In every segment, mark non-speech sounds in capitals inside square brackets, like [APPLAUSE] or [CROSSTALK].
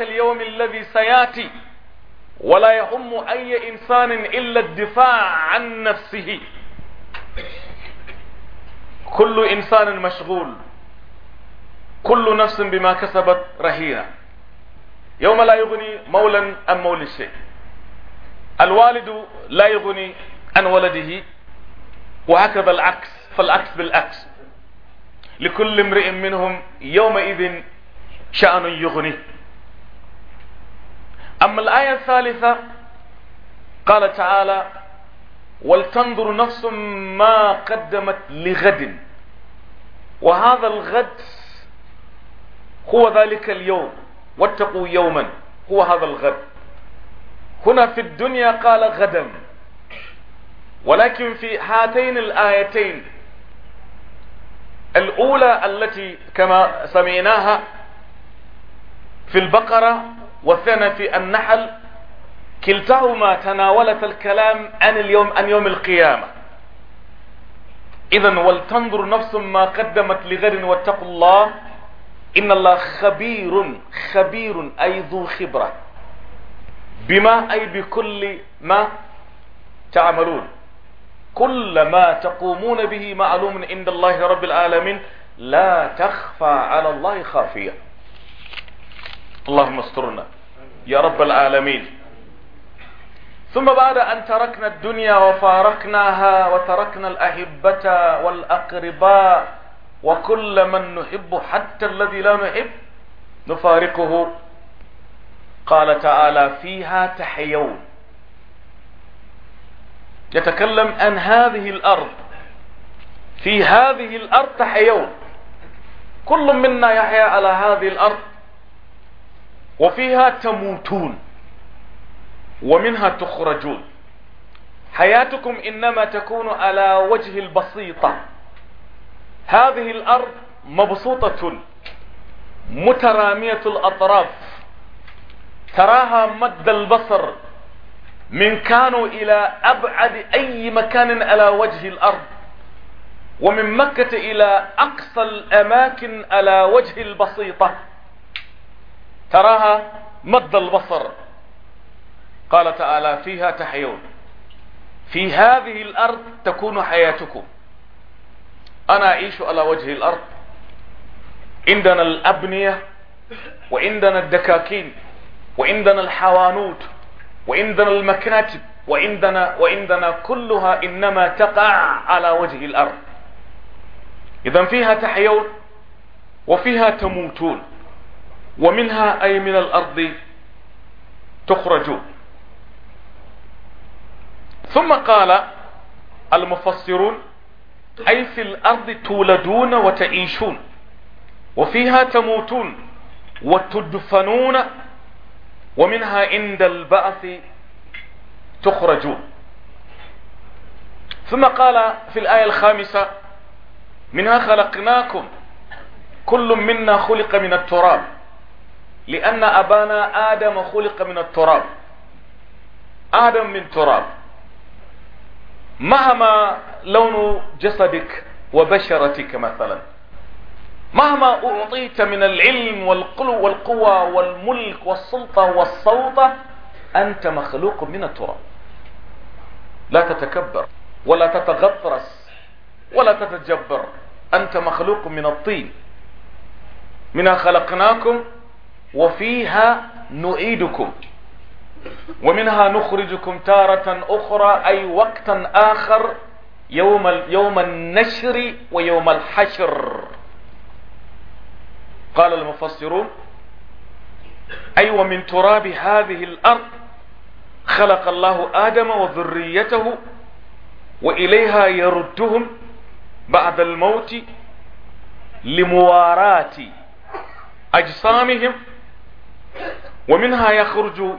اليوم الذي سياتي ولا يهم أي إنسان إلا الدفاع عن نفسه كل إنسان مشغول كل نفس بما كسبت رهينة يوم لا يغني مولا عن مول شيء الوالد لا يغني عن ولده وهكذا العكس فالعكس بالعكس لكل امرئ منهم يومئذ شأن يغنيه أما الآية الثالثة قال تعالى ولتنظر نفس ما قدمت لغد وهذا الغد هو ذلك اليوم واتقوا يوما هو هذا الغد هنا في الدنيا قال غدا ولكن في هاتين الآيتين الأولى التي كما سمعناها في البقرة وثنى النحل كلتاهما تناولت الكلام عن اليوم عن يوم القيامة إذا ولتنظر نفس ما قدمت لغد واتقوا الله إن الله خبير خبير أي ذو خبرة بما أي بكل ما تعملون كل ما تقومون به معلوم عند الله رب العالمين لا تخفى على الله خافية اللهم استرنا يا رب العالمين ثم بعد أن تركنا الدنيا وفارقناها وتركنا الأحبة والأقرباء وكل من نحب حتى الذي لا نحب نفارقه قال تعالى فيها تحيون يتكلم عن هذه الأرض في هذه الأرض تحيون كل منا يحيا على هذه الأرض وفيها تموتون ومنها تخرجون حياتكم إنما تكون على وجه البسيطة هذه الأرض مبسوطة مترامية الأطراف تراها مد البصر من كانوا إلى أبعد أي مكان على وجه الأرض ومن مكة إلى أقصى الأماكن على وجه البسيطة تراها مد البصر قال تعالى فيها تحيون في هذه الأرض تكون حياتكم أنا أعيش على وجه الأرض عندنا الأبنية وعندنا الدكاكين وعندنا الحوانوت وعندنا المكاتب وعندنا وعندنا كلها إنما تقع على وجه الأرض إذا فيها تحيون وفيها تموتون ومنها أي من الأرض تخرجون ثم قال المفسرون أي في الأرض تولدون وتعيشون وفيها تموتون وتدفنون ومنها عند البعث تخرجون ثم قال في الآية الخامسة منها خلقناكم كل منا خلق من التراب لأن أبانا آدم خلق من التراب آدم من تراب مهما لون جسدك وبشرتك مثلا مهما أعطيت من العلم والقلو والقوى والملك والسلطة والصوت أنت مخلوق من التراب لا تتكبر ولا تتغطرس ولا تتجبر أنت مخلوق من الطين منا خلقناكم وفيها نعيدكم ومنها نخرجكم تارة أخرى أي وقتا آخر يوم, يوم النشر ويوم الحشر قال المفسرون أي ومن تراب هذه الأرض خلق الله آدم وذريته وإليها يردهم بعد الموت لمواراة أجسامهم ومنها يخرج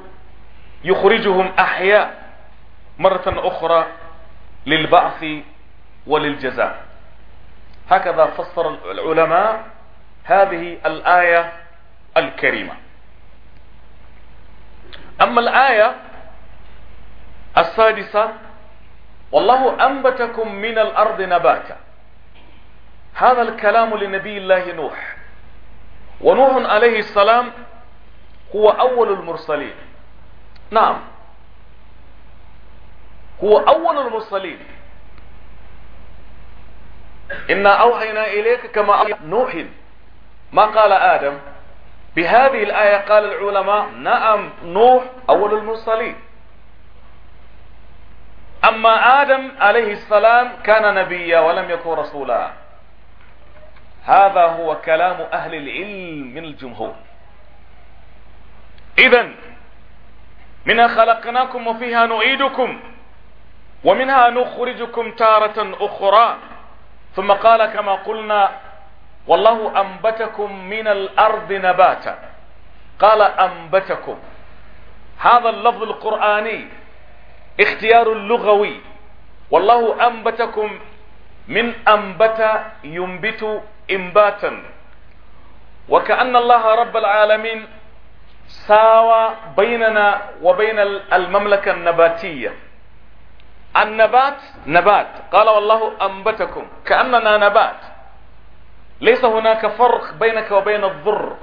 يخرجهم أحياء مرة أخرى للبعث وللجزاء هكذا فسر العلماء هذه الآية الكريمة أما الآية السادسة والله أنبتكم من الأرض نباتا هذا الكلام لنبي الله نوح ونوح عليه السلام هو أول المرسلين نعم هو أول المرسلين إنا أوحينا إليك كما نوح ما قال آدم بهذه الآية قال العلماء نعم نوح أول المرسلين أما آدم عليه السلام كان نبيا ولم يكن رسولا هذا هو كلام أهل العلم من الجمهور اذا منها خلقناكم وفيها نعيدكم ومنها نخرجكم تارة اخرى ثم قال كما قلنا والله انبتكم من الارض نباتا قال انبتكم هذا اللفظ القرآني اختيار لغوي والله انبتكم من انبت ينبت انباتا وكأن الله رب العالمين ساوى بيننا وبين المملكة النباتية النبات نبات قال والله أنبتكم كأننا نبات ليس هناك فرق بينك وبين الضر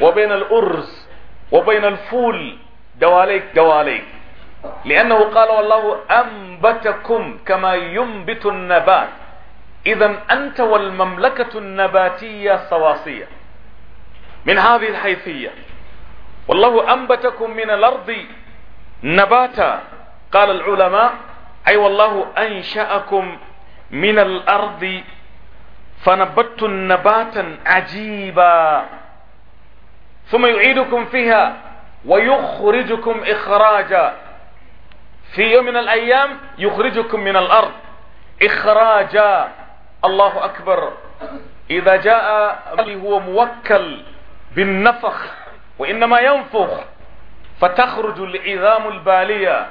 وبين الأرز وبين الفول دواليك دواليك لأنه قال والله أنبتكم كما ينبت النبات إذا أنت والمملكة النباتية سواسية من هذه الحيثية والله أنبتكم من الأرض نباتا قال العلماء أي والله أنشأكم من الأرض فنبت نباتا عجيبا ثم يعيدكم فيها ويخرجكم إخراجا في يوم من الأيام يخرجكم من الأرض إخراجا الله أكبر إذا جاء هو موكل بالنفخ وإنما ينفخ فتخرج العظام البالية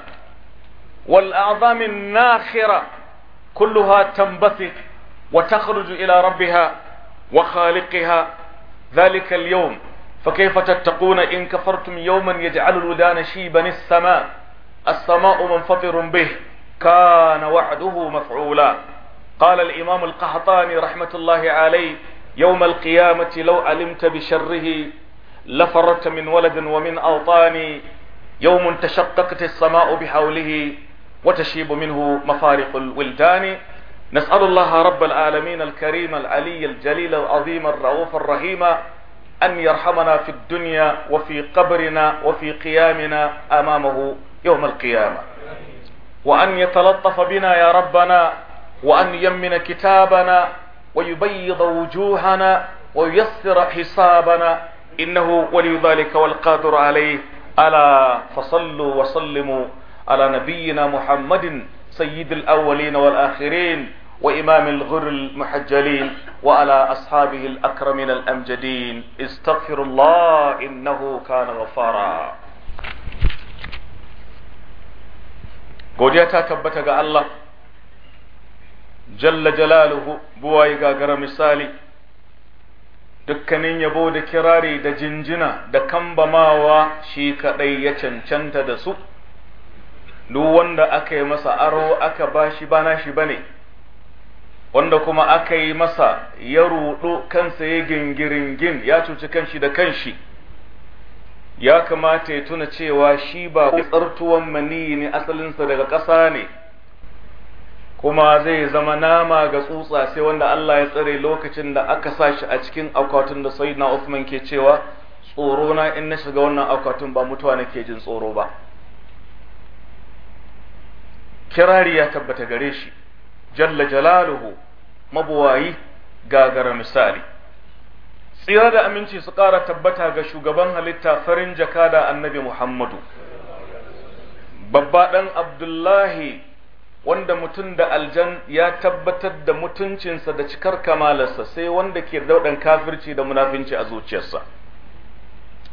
والأعظام الناخرة كلها تنبثق وتخرج إلى ربها وخالقها ذلك اليوم فكيف تتقون إن كفرتم يوما يجعل الودان شيبا السماء السماء منفطر به كان وعده مفعولا قال الإمام القحطاني رحمة الله عليه يوم القيامة لو علمت بشره لفررت من ولد ومن أوطان يوم تشققت السماء بحوله وتشيب منه مفارق الولدان نسأل الله رب العالمين الكريم العلي الجليل العظيم الرؤوف الرحيم أن يرحمنا في الدنيا وفي قبرنا وفي قيامنا أمامه يوم القيامة وأن يتلطف بنا يا ربنا وأن يمن كتابنا ويبيض وجوهنا وييسر حسابنا إنه ولي ذلك والقادر عليه ألا فصلوا وسلموا على نبينا محمد سيد الأولين والآخرين وإمام الغر المحجلين وعلى أصحابه الأكرمين الأمجدين استغفر الله إنه كان غفارا godiya ta tabbata ga Allah jalla jalaluhu buwaye gagara misali dukkanin yabo da kirari da jinjina da kambamawa shi kadai ya cancanta da su duk wanda aka yi masa aro aka ba shi ba nashi bane wanda kuma aka yi masa ya rudu kansa ya gingiringin ya cuci kanshi da kanshi ya kamata ya tuna cewa shi ba tsartuwan maniyi ne asalinsa daga ƙasa ne kuma zai zama nama ga tsutsa sai wanda Allah ya tsare lokacin da aka sa shi a cikin akwatin da sayyidina Uthman ke cewa tsoro na in na shiga wannan akwatin ba mutuwa nake jin tsoro ba kirari ya tabbata gare shi jalla jalaluhu mabuwayi gagara misali tsira da aminci su ƙara tabbata ga shugaban halitta farin jakada annabi Muhammadu babba ɗan Abdullahi wanda mutum da aljan ya tabbatar da mutuncinsa da cikar kamalarsa sai wanda ke daudan kafirci da munafinci a zuciyarsa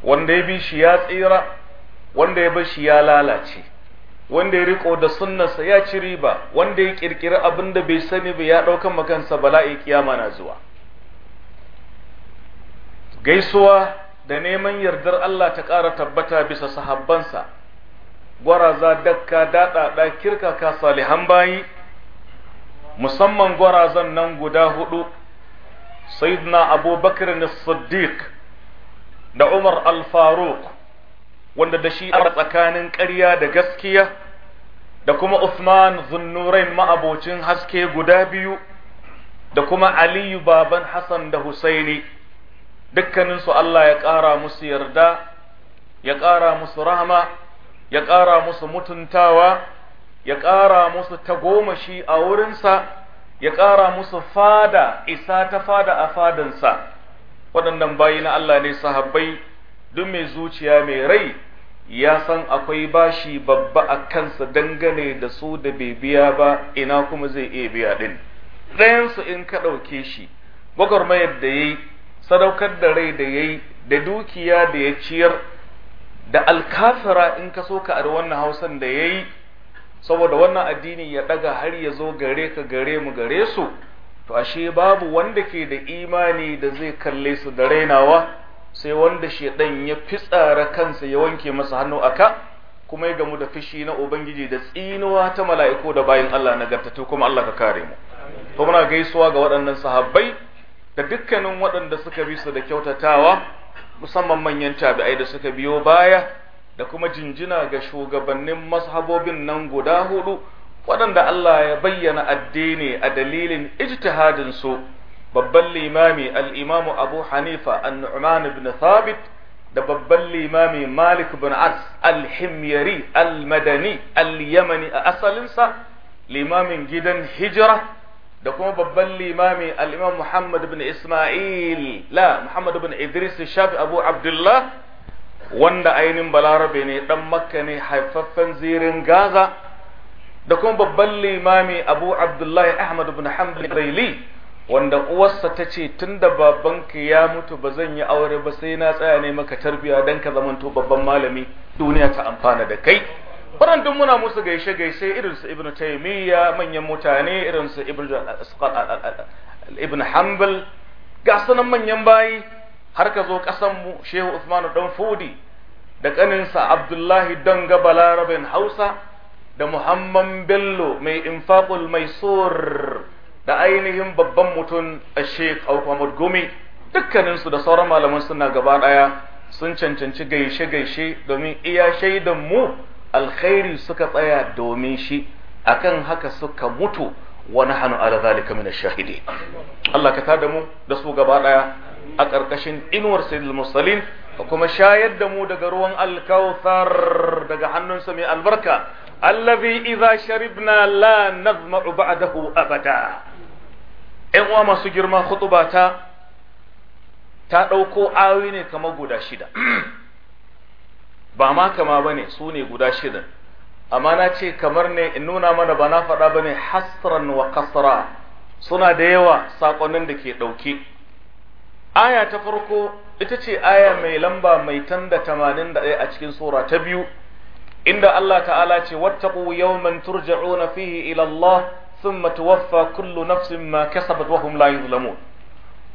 wanda ya bi shi ya tsira wanda ya bar shi ya lalace wanda ya riko da sunnarsa ya ci riba wanda ya kirkiri abin da bai sani ba ya daukan makansa bala'i kiyama na zuwa gaisuwa da neman yardar Allah ta ƙara tabbata bisa sahabbansa gwaraza dakka daɗaɗa kirkaka salihan bayi musamman gwarazan nan guda hudu sayyidina abubakar siddiq da umar al-faruq wanda da shi a tsakanin ƙarya da gaskiya da kuma Usman zunnurain ma'abocin haske guda biyu da kuma aliyu baban hassan da husaini dukkaninsu allah ya ƙara musu yarda ya ƙara musu rahama ya ƙara musu mutuntawa ya ƙara musu tagomashi a wurinsa ya ƙara musu fada isa ta fada a fadansa waɗannan bayi na Allah ne sahabbai duk mai zuciya mai rai ya san akwai bashi babba a kansa dangane da su da bai biya ba ina kuma zai iya biya ɗin ɗayansu in ka ɗauke shi gwagwarmayar da ya yi sadaukar da rai da ya yi da dukiya da ya ciyar da alkafira in ka so ka ari wannan hausan da ya yi saboda wannan addini ya daga har ya zo gare ka gare mu gare su to ashe babu wanda ke da imani da zai kalle su da rainawa sai wanda shaidan ya fitsara kansa ya wanke masa hannu a ka kuma ya gamu da fushi na ubangiji da tsinuwa ta mala'iku da bayan Allah na nagartattu kuma Allah ka kare mu to muna gaisuwa ga waɗannan sahabbai da dukkanin waɗanda suka bi su da kyautatawa musamman manyan tabi'ai da suka biyo baya da kuma jinjina ga shugabannin mazhabobin nan guda hudu waɗanda Allah ya bayyana addini a dalilin ijtihadin su babban limami al-imamu Abu Hanifa an-Nu'man ibn Thabit da babban limami Malik ibn As al-Himyari al-Madani al-Yamani a asalinsa limamin gidan hijira da kuma babban limami al-imam Muhammad ibn Isma'il la Muhammad ibn Idris Shafi Abu Abdullah wanda ainihin balarabe ne dan makka ne haifaffen zirin Gaza da kuma babban limami Abu Abdullah Ahmad ibn Hamdan Baili wanda uwarsa ta ce tunda babanka ya mutu ba zan yi aure ba sai na tsaya ne maka tarbiya dan ka zamanto babban malami duniya ta amfana da kai duk muna musu gaishe gaishe irin su Ibn taymiya manyan mutane irin su ibn eh, hanbal ga sanan manyan bayi har ka zo kasan mu shehu usmanu dan fudi da kaninsa abdullahi Gabala Rabin hausa da muhammad bello mai infaqul maisur da ainihin babban mutum a sheik aukwamud gumi dukkaninsu da sauran malaman suna gaba ɗaya sun cancanci gaishe-gaishe domin iya shaidan mu alkhairi suka tsaya domin shi akan haka suka mutu wa nahnu ala zalika min ash-shahidi Allah ka tada mu da su gaba daya a karkashin inuwar sayyidul musallin kuma shayar da mu daga ruwan alkawthar daga hannunsa mai albarka allazi idza sharibna la nazma'u ba'dahu abada ƴan uwa masu girma bata ta ɗauko awi ne kamar guda shida [CLEARS THROAT] ba ma kama bane su ne guda shidan amma na ce kamar ne in nuna mana ba na faɗa ba ne hasran wa kasra suna da yawa saƙonin da ke ɗauke aya ta farko ita ce aya mai lamba mai tanda tamanin da ɗaya a cikin sura ta biyu inda Allah ta'ala ce wattaqu yawman turja'una fihi ila Allah thumma tuwaffa kullu nafsin ma kasabat wa hum la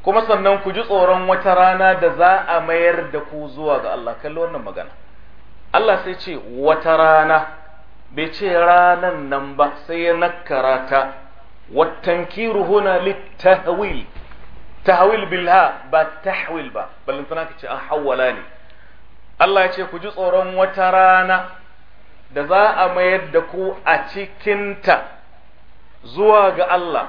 kuma sannan ku ji tsoron wata rana da za a mayar da ku zuwa ga Allah kallon wannan magana Allah sai ce wata rana bai ce ranan nan ba sai ya nakara ta wattankiru huna littahwil tahwil bilha ba tahwil ba ballantana ka ce an ah, hawala ne Allah ya ce ku ji tsoron wata rana da za a mayar da ku a cikinta zuwa ga Allah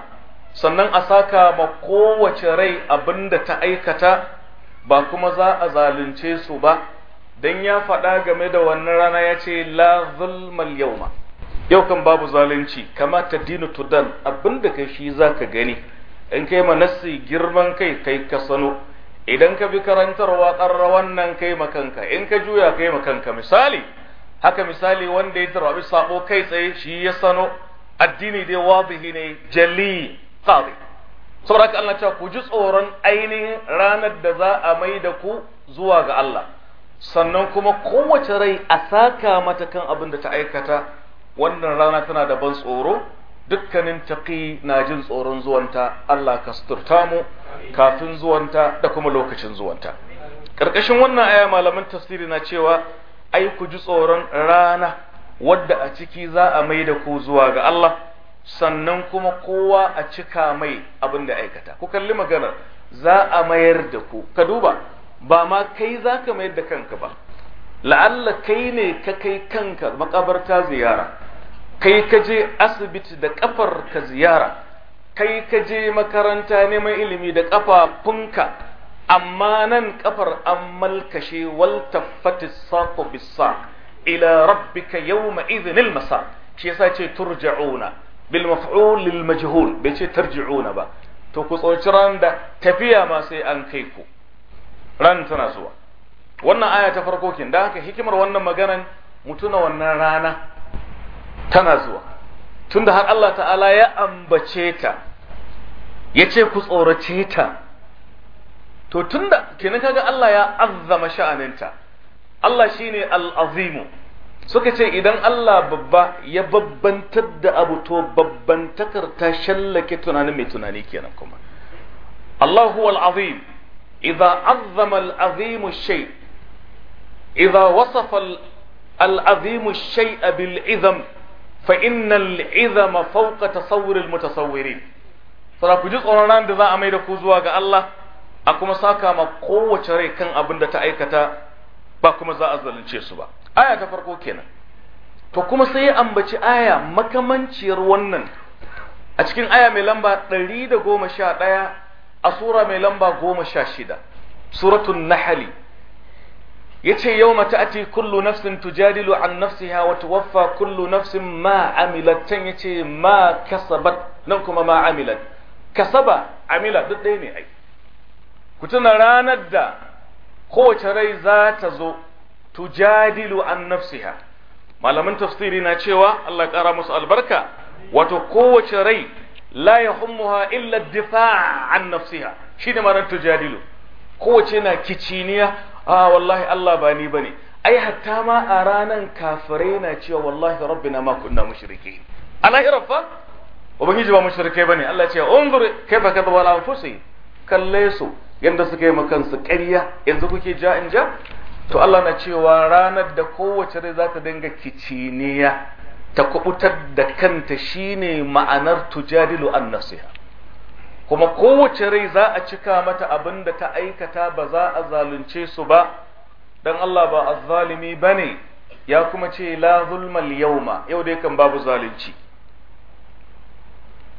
sannan a saka ma kowace rai abinda ta aikata ba kuma za a zalunce su ba dan ya faɗa game da wannan rana ya ce la zulmal yawma yau kan babu zalunci kamata dinu tudan abinda kai shi zaka gani in kai manassi girman kai kai ka sano idan ka bi karantarwa ƙarra wannan kai makanka in ka juya kai makanka misali haka misali wanda ya tarbi sabo kai tsaye shi ya sano addini dai wadihi ne jali qadi saboda haka Allah ta ku ji tsoron ainihin ranar da za a mai da ku zuwa ga Allah sannan kuma kowace rai a saka mata kan abin da ta aikata wannan rana tana da ban tsoro dukkanin taƙi na jin tsoron zuwanta Allah ka suturta mu kafin zuwanta da kuma lokacin zuwanta ƙarƙashin wannan aya malaman tasiri na cewa ai ku ji tsoron rana wadda a ciki za a mai da ku zuwa ga Allah sannan kuma kowa a cika mai abin da aikata ku kalli maganar za a mayar da ku ka duba ba ma kai za ka mayar da kanka ba la'alla kai ne ka kai kanka makabarta ziyara kai ka je asibiti da kafar ka ziyara kai ka je makaranta neman ilimi da kafafunka amma nan kafar an malkashe wal taffati saqu bisa ila rabbika yau ma masa shi yasa ce turja'una bil maf'ul lil majhul bai ce tarji'una ba to ku tsoci ran da tafiya ma sai an kai ku ran tana zuwa wannan aya ta farko kin da haka hikimar wannan maganan mutuna wannan rana tana zuwa tunda har Allah ta'ala ya ambace ta yace ku tsorace ta to tunda kenan kaga Allah ya azzama sha'aninta Allah shine al azim suka ce idan Allah babba ya babbantar da abu to babbantakar ta shallake tunanin mai tunani kenan kuma Allahu al-azim إذا عظم العظيم الشيء إذا وصف العظيم الشيء بالعظم فإن العظم فوق تصور المتصورين Sara ku ji tsoron ran da za a mai da ku zuwa ga Allah a kuma saka ma kowace rai kan abin da ta aikata ba kuma za a zalunce su ba aya ta farko kenan to kuma sai ya ambaci aya makamanciyar wannan a cikin aya mai lamba 111 a sura mai lamba goma sha shida suratun nahali ya ce yau mata ati kullu nafsin tujadilu an ha wata waffa kullu nafsin ma amilatan ya ce ma kasabat nan kuma ma amilat kasaba amila duk ɗaya ne ai ku tuna ranar da kowace rai za ta zo tujadilu an ha. malaman tafsiri na cewa Allah ya ƙara musu albarka wato kowace rai la yahummuha illa difa an nafsiha shine maran tujadilu kowace na kiciniya a wallahi Allah ba ni bane ai hatta ma a ranan kafirai na cewa wallahi rabbina ma kunna mushrikeen a fa ubangiji ba ba bane Allah ya ce unzur kaifa kadaba wala anfusi kalle su yanda suka yi makansu karya, yanzu kuke ja in ja to Allah na cewa ranar da kowace rai za ta dinga kiciniya ta kubutar da kanta shine ma'anar tujadilu an nasiha kuma kowace rai za a cika mata abin da ta aikata ba za a zalunce su ba dan Allah ba ba bane ya kuma ce la zulmal yawma yau dai kan babu zalunci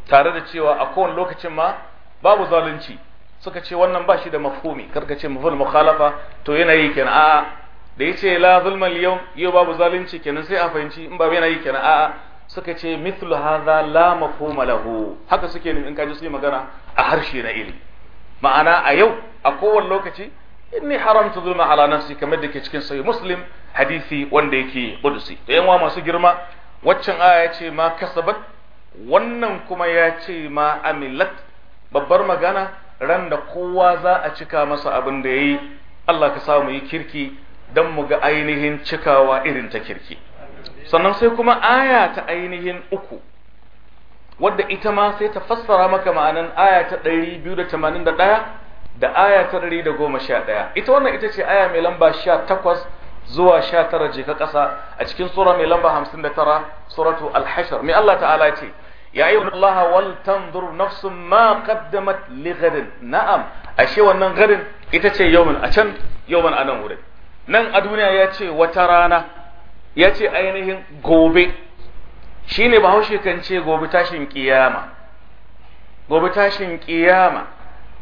tare da cewa a kowane lokacin ma babu zalunci suka ce wannan ba shi da mafhumi karka ce mafhul mukhalafa to yana yi kenan a'a da yace la zulma al-yawm yau babu zalunci kenan sai a fahimci in babu yana yi kenan a'a suka ce mithlu hadha la mafhuma lahu haka suke nemi in kaji su yi magana a harshe na ilimi ma'ana a yau a kowane lokaci inni haramtu zulma ala nafsi kamar da ke cikin sahih muslim hadisi wanda yake qudsi to yan masu girma waccan aya ya ce ma kasabat wannan kuma ya ce ma amilat babbar magana ran da kowa za a cika masa abin da yayi Allah ka samu yi kirki Dan mu ga ainihin cikawa irin ta kirki sannan sai kuma aya ta ainihin uku wadda ita ma sai ta fassara maka ma'anan aya ta 281 da aya ta 111 ita wannan ita ce aya mai lamba 18 zuwa 19 je ka ƙasa a cikin sura mai lamba 59 suratu al-hashar mai Allah ta'ala ce ya yi Allah wal tanzur nafsun ma qaddamat li ghadin na'am ashe wannan gadin ita ce yawmin a can a nan wurin nan a duniya ya ce wata rana ya ce ainihin gobe shi ne bahaushe kan ce gobe tashin kiyama gobe tashin kiyama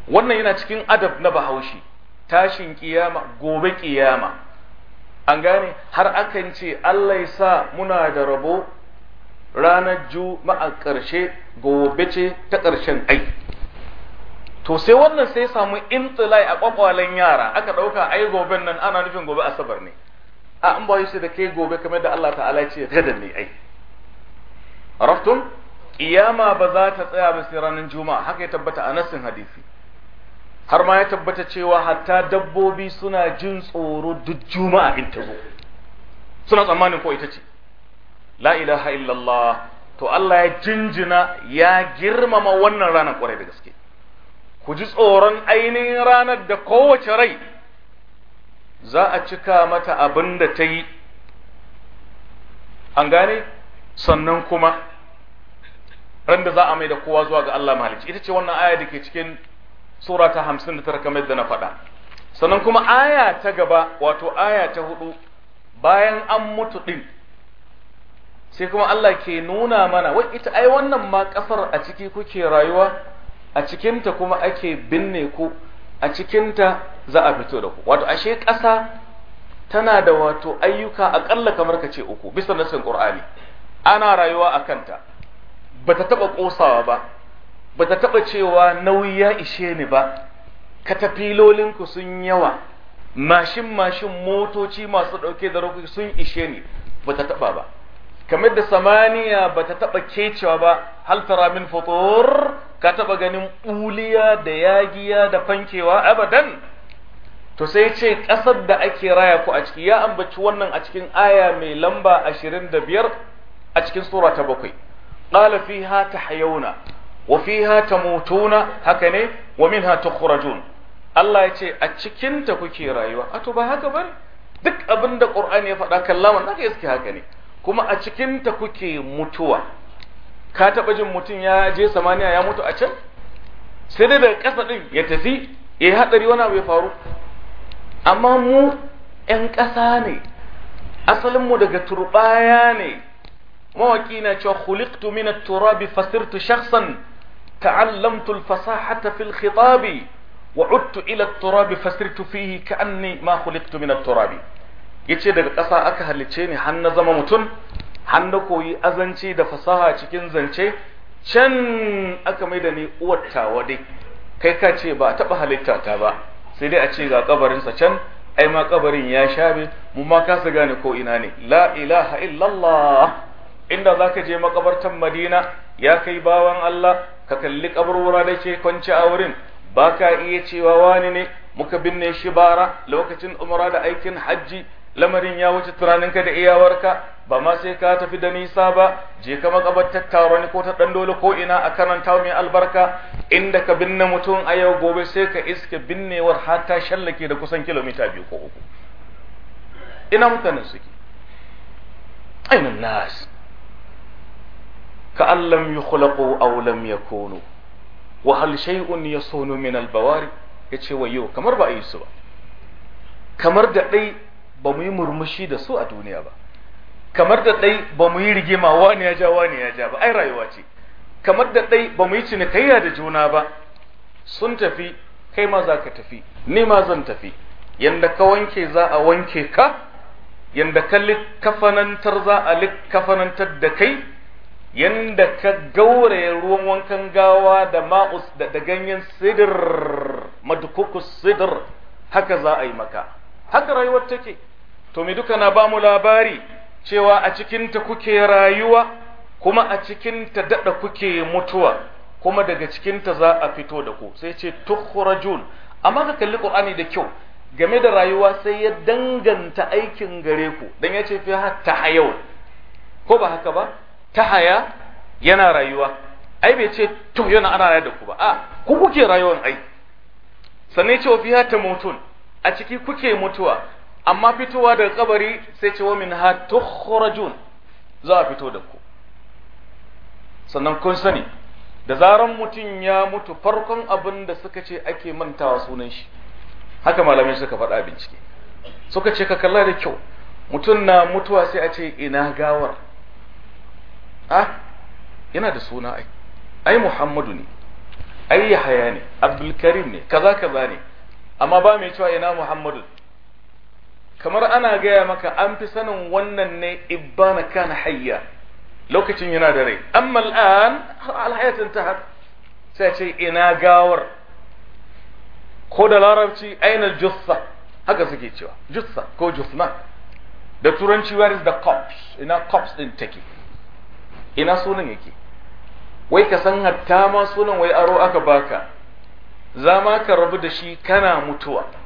wannan yana cikin adab na bahaushe tashin kiyama gobe kiyama an gane har akan ce Allah ya sa muna da rabo ranar juma'a ƙarshe gobe ce ta ƙarshen aiki to sai wannan sai samu intilai a kwakwalen yara aka dauka ai goben nan ana nufin gobe asabar ne a an ba shi da kai gobe kamar da Allah ta'ala ce gadan ne ai araftum kiyama ba za ta tsaya ba sai ranar juma'a haka ya tabbata a nassin hadisi har ma ya tabbata cewa hatta dabbobi suna jin tsoro duk juma'a in ta zo suna tsammanin ko ita ce la ilaha illallah to Allah ya jinjina ya girmama wannan ranar kwarai da gaske ku ji tsoron ainihin ranar da kowace rai za a cika mata abin da ta yi an gane sannan kuma ran da za a mai da kowa zuwa ga Allah mahalicci ita ce wannan aya da ke cikin sura ta hamsin da ta rakamai da na faɗa sannan kuma aya ta gaba wato aya ta hudu bayan an mutu ɗin sai kuma Allah ke nuna mana wai ita ai wannan ma ƙasar a ciki kuke rayuwa a cikinta kuma ake binne ku a cikinta za a fito da ku wato ashe ƙasa tana da wato ayyuka aƙalla kamar ka ce uku bisa nasin ƙur'ani ana rayuwa a kanta ba ta taɓa ƙosawa ba ba ta taɓa cewa nauyi ya ishe ni ba katafilolinku sun yawa mashin mashin motoci masu ɗauke da rukuni sun ishe ni ba ta taɓa ba kamar da samaniya ba ta taɓa kecewa ba hal tara min futur ka taɓa ganin ɓuliya da yagiya da fankewa abadan to sai ce ƙasar da ake raya ku a ciki ya ambaci wannan a cikin aya mai lamba ashirin da biyar a cikin sura ta bakwai qala fiha tahyauna wa fiha tamutuna haka ne wa minha tukhrajun Allah ya ce a cikinta kuke rayuwa a to ba haka bane duk abin da Qur'ani ya faɗa kallaman zaka iske haka ne kuma a cikinta kuke mutuwa ka taɓa jin mutum ya je samaniya ya mutu a can sai dai daga ƙasa ɗin ya tafi ya yi haɗari wani abu ya faru amma mu 'yan ƙasa ne asalinmu daga turɓaya ne mawaƙi na cewa khuliqtu min turabi fasirtu shakhsan ta'allamtu al-fasahata fil khitabi wa udtu ila turabi fasirtu fihi ka'anni ma khuliqtu min turabi yace daga ƙasa aka halicce ni har na zama mutum har na koyi azanci da fasaha cikin zance can aka mai da ni uwar tawa dai kai ka ce ba a taɓa halitta ta ba sai dai a ce ga kabarinsa can ai ma kabarin ya shabe mu ma su gane ko ina ne la ilaha illallah inda za ka je makabartan Madina ya kai bawan Allah ka kalli kaburbura da ke kwance a wurin baka iya cewa wani ne muka binne shi bara lokacin umra da aikin hajji lamarin ya wuce tunaninka da iyawarka ba ma sai ka tafi da nisa ba je ka makabartar taro ko ta dan dole ko ina a karanta mai albarka inda ka binne mutum a yau gobe sai ka iske binnewar har ta shallake da kusan kilomita biyu ko uku ina mutanen suke ainihin nas ka allam yi khulaqu aw lam yakunu wa hal shay'un yasunu min albawari bawari yace wayo kamar ba a yi su ba kamar da dai ba mu yi murmushi da su a duniya ba kamar da dai ba mu yi rigima wani ya ja wani ya ja ba ai rayuwa ce kamar da dai ba mu yi cinikayya da juna ba sun tafi kai ma za ka tafi ni ma zan tafi yanda ka wanke za a wanke ka yanda ka kafanantar za a kafanantar da kai yanda ka gauraya ruwan wankan gawa da ma'us da, da ganyen sidir madukukus sidir haka za a yi maka haka rayuwar take to mai duka na ba mu labari cewa a cikinta kuke rayuwa kuma a cikinta daɗa kuke mutuwa kuma daga cikinta za a fito da ku sai ce tukhrajun amma ka kalli qur'ani da kyau game da rayuwa sai ya danganta aikin gare ku dan ya ce fi hatta hayawun ko ba haka ba ta haya yana rayuwa ai bai ce to yana ana rayuwa da ku ba a ku kuke rayuwan ai sanai ce fi hatta mutun a ciki kuke mutuwa amma fitowa daga kabari sai ce wa min ha tukhrajun za a fito da ku sannan kun sani da zaran mutum ya mutu farkon abin da suka ce ake mantawa sunan shi haka malamai suka faɗa bincike suka ce ka kalla da kyau mutum na mutuwa sai a ce ina gawar ah yana da suna ai ai muhammadu ne ai yahaya ne abdulkarim ne kaza kaza ne amma ba mai cewa ina muhammadu kamar ana gaya maka an fi sanin wannan ne ibana kana hayya lokacin yana da rai amma al'an alhayatin ta har sai ce ina gawar ko da larabci aina jussa haka suke cewa jussa ko jussna da turanci where is the ina cops din take ina sunan yake wai ka san hatta ma sunan wai aro aka baka za ma ka rabu da shi kana mutuwa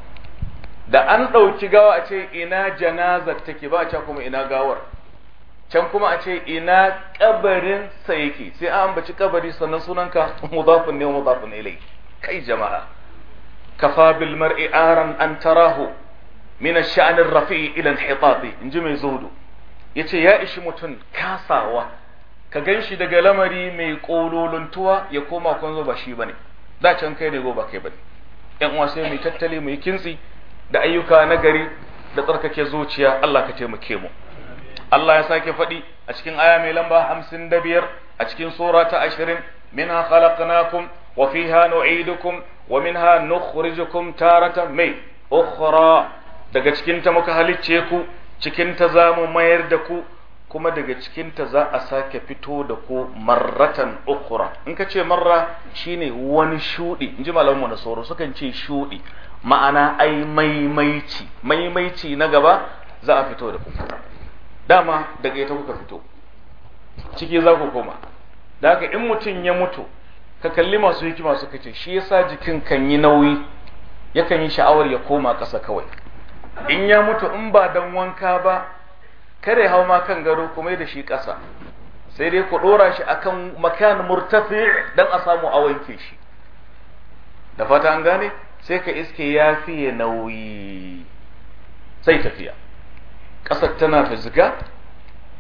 da an ɗauki gawa a ce ina janazar take ba a ce kuma ina gawar can kuma a ce ina kabarin sa yake sai an ambaci kabari sannan sunanka mudafun ne mudafun ilai kai jama'a kafa bil mar'i aran an tarahu min ash-sha'n ar-rafi ila al-hitat inji mai zuhudu yace ya ishi mutun kasawa ka ganshi daga lamari mai kololuntuwa ya koma kwanzo zo ba shi bane da can kai ne go ba kai bane yan uwa sai mu tattale mu kintsi da ayyuka na gari da tsarkake zuciya Allah ka taimake mu Allah ya sake faɗi a cikin aya mai lamba hamsin da biyar a cikin sura ta ashirin minha khalaqnakum wa fiha nu'idukum wa minha nukhrijukum tarata mai ukhra daga cikin ta muka halicce ku cikin ta za mu mayar da ku kuma daga cikin ta za a sake fito da ku marratan ukhra in ka ce marra shine wani shudi in ji na soro sukan ce shudi ma'ana ai maimaici maimaici na gaba za a fito da kuma dama daga ita kuka fito ciki za ku koma da haka in mutum ya mutu ka kalli masu hikima suka ce shi yasa jikin kan yi nauyi yakan yi sha'awar ya koma ƙasa kawai in ya mutu in ba dan wanka ba kare hau ma kan gado kuma da shi ƙasa sai dai ku ɗora shi a kan makan murtafi don a samu a wanke shi da fata an gane sai ka iske ya fiye nauyi sai tafiya ƙasar tana ziga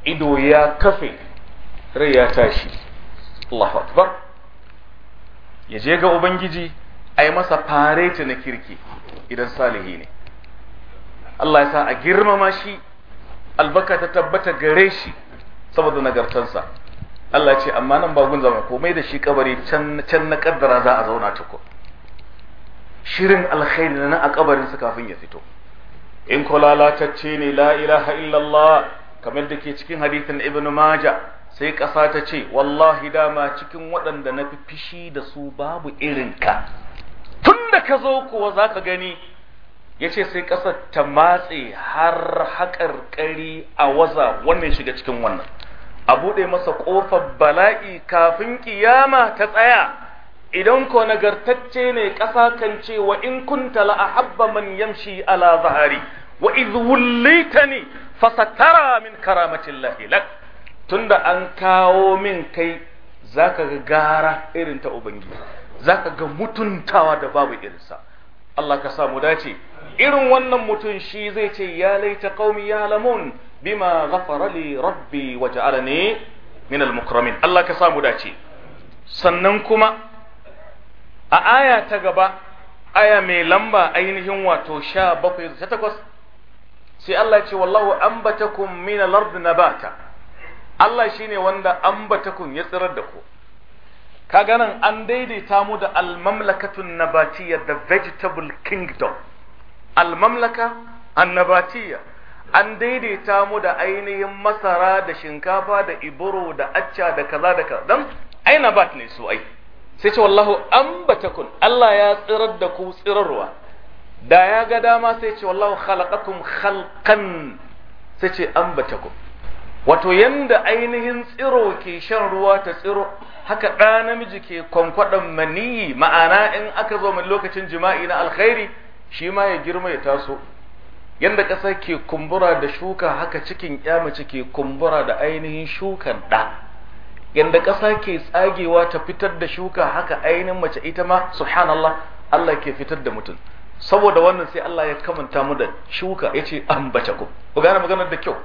ido ya kafe rai ya tashi Allahu akbar ya je ga ubangiji a yi masa fareti na kirki idan salihi ne Allah ya sa a girmama shi albaka ta tabbata gare shi saboda nagartansa Allah ce amma nan ba gun zama komai da shi kabari can na kaddara za a zauna tukun shirin alkhairi na a kabarinsa kafin ya fito in ko lalatacce ne la ilaha illallah kamar da ke cikin hadithin ibn maja sai ƙasa ta ce wallahi dama cikin waɗanda na fi fishi da su babu irinka tun da ka zo kuwa za ka gani yace sai ƙasar ta matse har haƙarƙari a waza wannan shiga cikin wannan a buɗe masa ƙofar bala'i kafin ƙiyama ta tsaya idan ko nagartacce ne ƙasa kan ce wa in kunta a ahabba man yamshi ala zahari wa idh wullitani fasatara min karamatillahi lak tunda an kawo min kai zaka ga gara irin ta ubangiji zaka ga mutuntawa da babu irinsa Allah ka samu dace irin wannan mutum shi zai ce ya laita qaumi lamun bima ghafara li rabbi waj'alani min al-mukramin Allah ka samu dace sannan kuma a aya ta gaba aya mai lamba ainihin wato sha bakwai ta takwas sai Allah ce wallahu ambatakum min al-ard nabata Allah shine wanda ambatakum ya tsirar da ku kaga nan an daidaita mu da al-mamlakatun nabatiyya the vegetable kingdom al-mamlaka an an daidaita mu da ainihin masara da shinkafa da iburo da acca da kaza da kaza dan aina bat ne su ai sai ce wallahu an kun Allah ya tsirar da ku tsirarwa da ya ga dama sai ce wallahu khalaqakum khalqan sai ce an batakun wato yanda ainihin tsiro ke shan ruwa ta tsiro haka ɗa namiji ke kwankwaɗon maniyi ma'ana in aka zo min lokacin jima'i na alkhairi shi ma ya girma ya taso yanda ƙasa ke kumbura da shuka haka cikin mace ke kumbura da ainihin shukan ɗa yanda ƙasa ke tsagewa ta fitar da shuka haka ainihin mace ita ma subhanallah Allah ke fitar da mutum saboda wannan sai Allah ya kamanta mu da shuka ya ce ambace ku ku gane maganar da kyau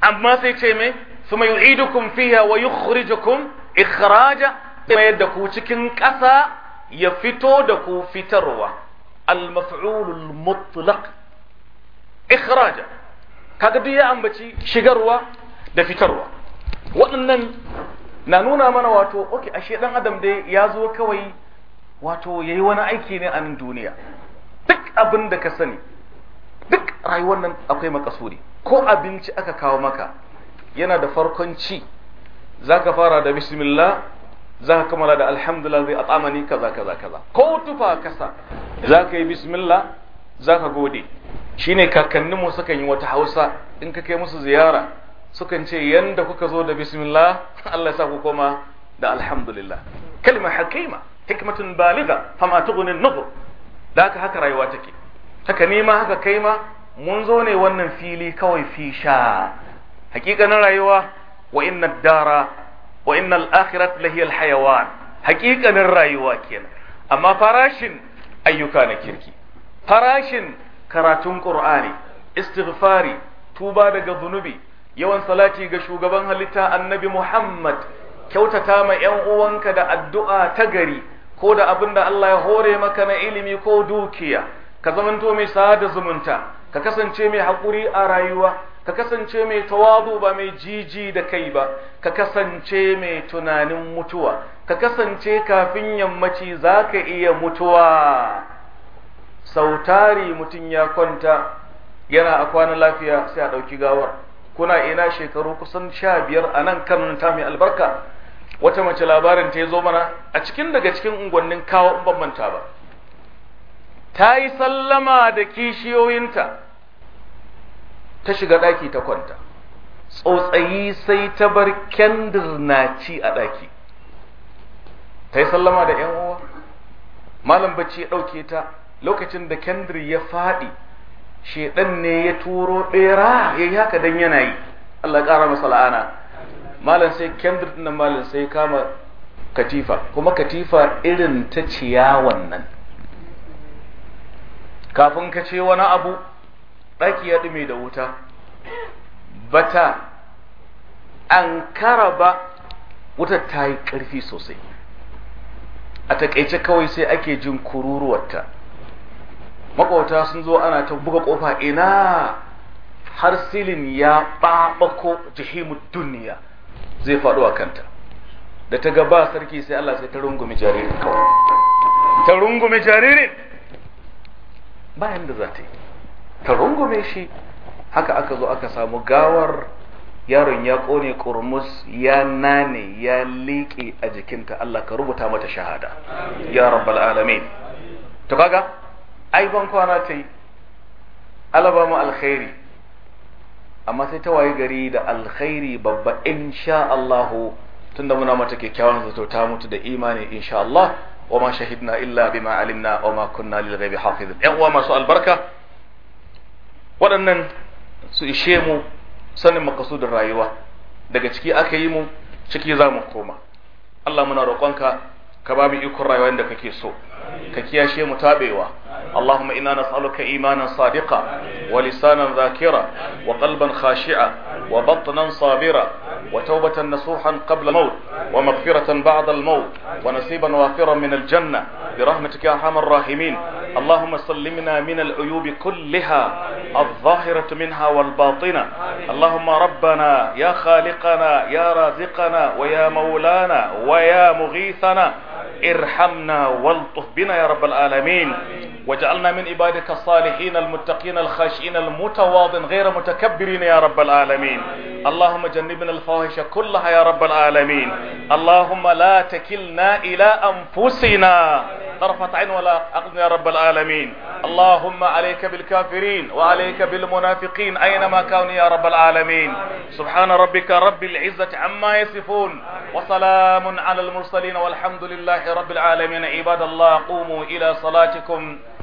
amma sai ce mai su mai yu'idukum fiha wa yukhrijukum ikhraja mai da ku cikin ƙasa ya fito da ku fitarwa al-maf'ulul mutlaq ikhraja kaga duk ya ambaci shigarwa da fitarwa waɗannan na nuna mana wato ok ashe dan adam dai ya zo kawai wato ya yi wani aiki ne a nan duniya duk abin da ka sani duk rayuwar nan akwai makasuri ko abinci aka kawo maka yana da farkon ci Za ka fara da bismillah ka kammala da alhamdulillah zai at'amani kaza kaza kaza ko tufa kasa ka yi bismillah ka gode shine kakanninmu suka yi wata Hausa in ka kai musu ziyara sukan ce yanda kuka zo da bismillah [LAUGHS] Allah ya sa ku koma da alhamdulillah kalma hakima hikmatun baliga fama tughni an-nuzur da haka haka rayuwa take haka nima haka ma. mun zo ne wannan fili kawai fi sha hakikanin rayuwa wa inna dara wa inna al-akhirat lahiya al-hayawan hakikanin rayuwa kenan amma farashin ayyuka na kirki farashin karatun qur'ani istighfari tuba daga zunubi yawan salati ga shugaban halitta annabi Muhammad kyautata ma ‘yan uwanka da addu'a ta gari ko da abin da Allah ya hore maka na ilimi ko dukiya ka zamanto mai sada zumunta ka kasance mai haƙuri a rayuwa ka kasance mai tawadu ba mai jiji da kai ba ka kasance mai tunanin mutuwa ka kasance kafin yammaci za ka iya mutuwa sautari mutum ya kwanta yana a kwana lafiya sai a ɗauki gawar kuna ina shekaru kusan sha biyar a nan kan ta mai albarka wata mace labarin ta zo mana a cikin daga cikin unguwannin kawo in ba ta yi sallama da kishiyoyinta ta shiga ɗaki ta kwanta tsotsayi sai ta bar kyandir na ci a ɗaki ta yi sallama da 'yan uwa malam bacci ya ɗauke ta lokacin da kyandir ya faɗi shedan ne ya turo bera yayi haka dan yana yi Allah ya kara masa la'ana malam sai kendir din malam sai kama katifa kuma katifa irin ta ciyawan nan kafin ka ce wani abu daki ya ɗume da wuta bata an kara ba wutar ta yi ƙarfi sosai a taƙaice kawai sai ake jin kururuwarta makwauta sun zo ana ta buga kofa ina har silin ya babako jihimu duniya zai faɗo a kanta da ta gaba sarki sai Allah sai ta rungume jaririn kawai ta rungume jaririn bayan da za ta yi ta rungume shi haka aka zo aka samu gawar yaron ya kone kurmus ya nane ya liƙe a jikinta Allah ka rubuta mata shahada ya rabbal alamin to kaga ai ban kwana ta yi alaba mu alkhairi amma sai ta waye gari da alkhairi babba insha Allah tunda muna mata kyakkyawan zato ta mutu da imani insha Allah wa ma shahidna illa bima alimna wa ma kunna lil ghaibi hafiz yan uwa masu albarka waɗannan su ishe mu sanin makasudin rayuwa daga ciki aka yi mu ciki za mu koma Allah muna roƙonka ka ba mu ikon rayuwar da kake so ka kiyashe mu tabewa اللهم إنا نسألك إيمانا صادقا ولسانا ذاكرا وقلبا خاشعا وبطنا صابرا وتوبة نصوحا قبل الموت ومغفرة بعد الموت ونصيبا وافرا من الجنة برحمتك يا أرحم الراحمين اللهم سلمنا من العيوب كلها الظاهرة منها والباطنة اللهم ربنا يا خالقنا يا رازقنا ويا مولانا ويا مغيثنا ارحمنا والطف بنا يا رب العالمين واجعلنا من عبادك الصالحين المتقين الخاشئين المتواضعين غير متكبرين يا رب العالمين اللهم جنبنا الفواحش كلها يا رب العالمين اللهم لا تكلنا إلى أنفسنا طرفة عين ولا عقل يا رب العالمين اللهم عليك بالكافرين وعليك بالمنافقين أينما كانوا يا رب العالمين سبحان ربك رب العزة عما يصفون وسلام على المرسلين والحمد لله رب العالمين عباد الله قوموا إلى صلاتكم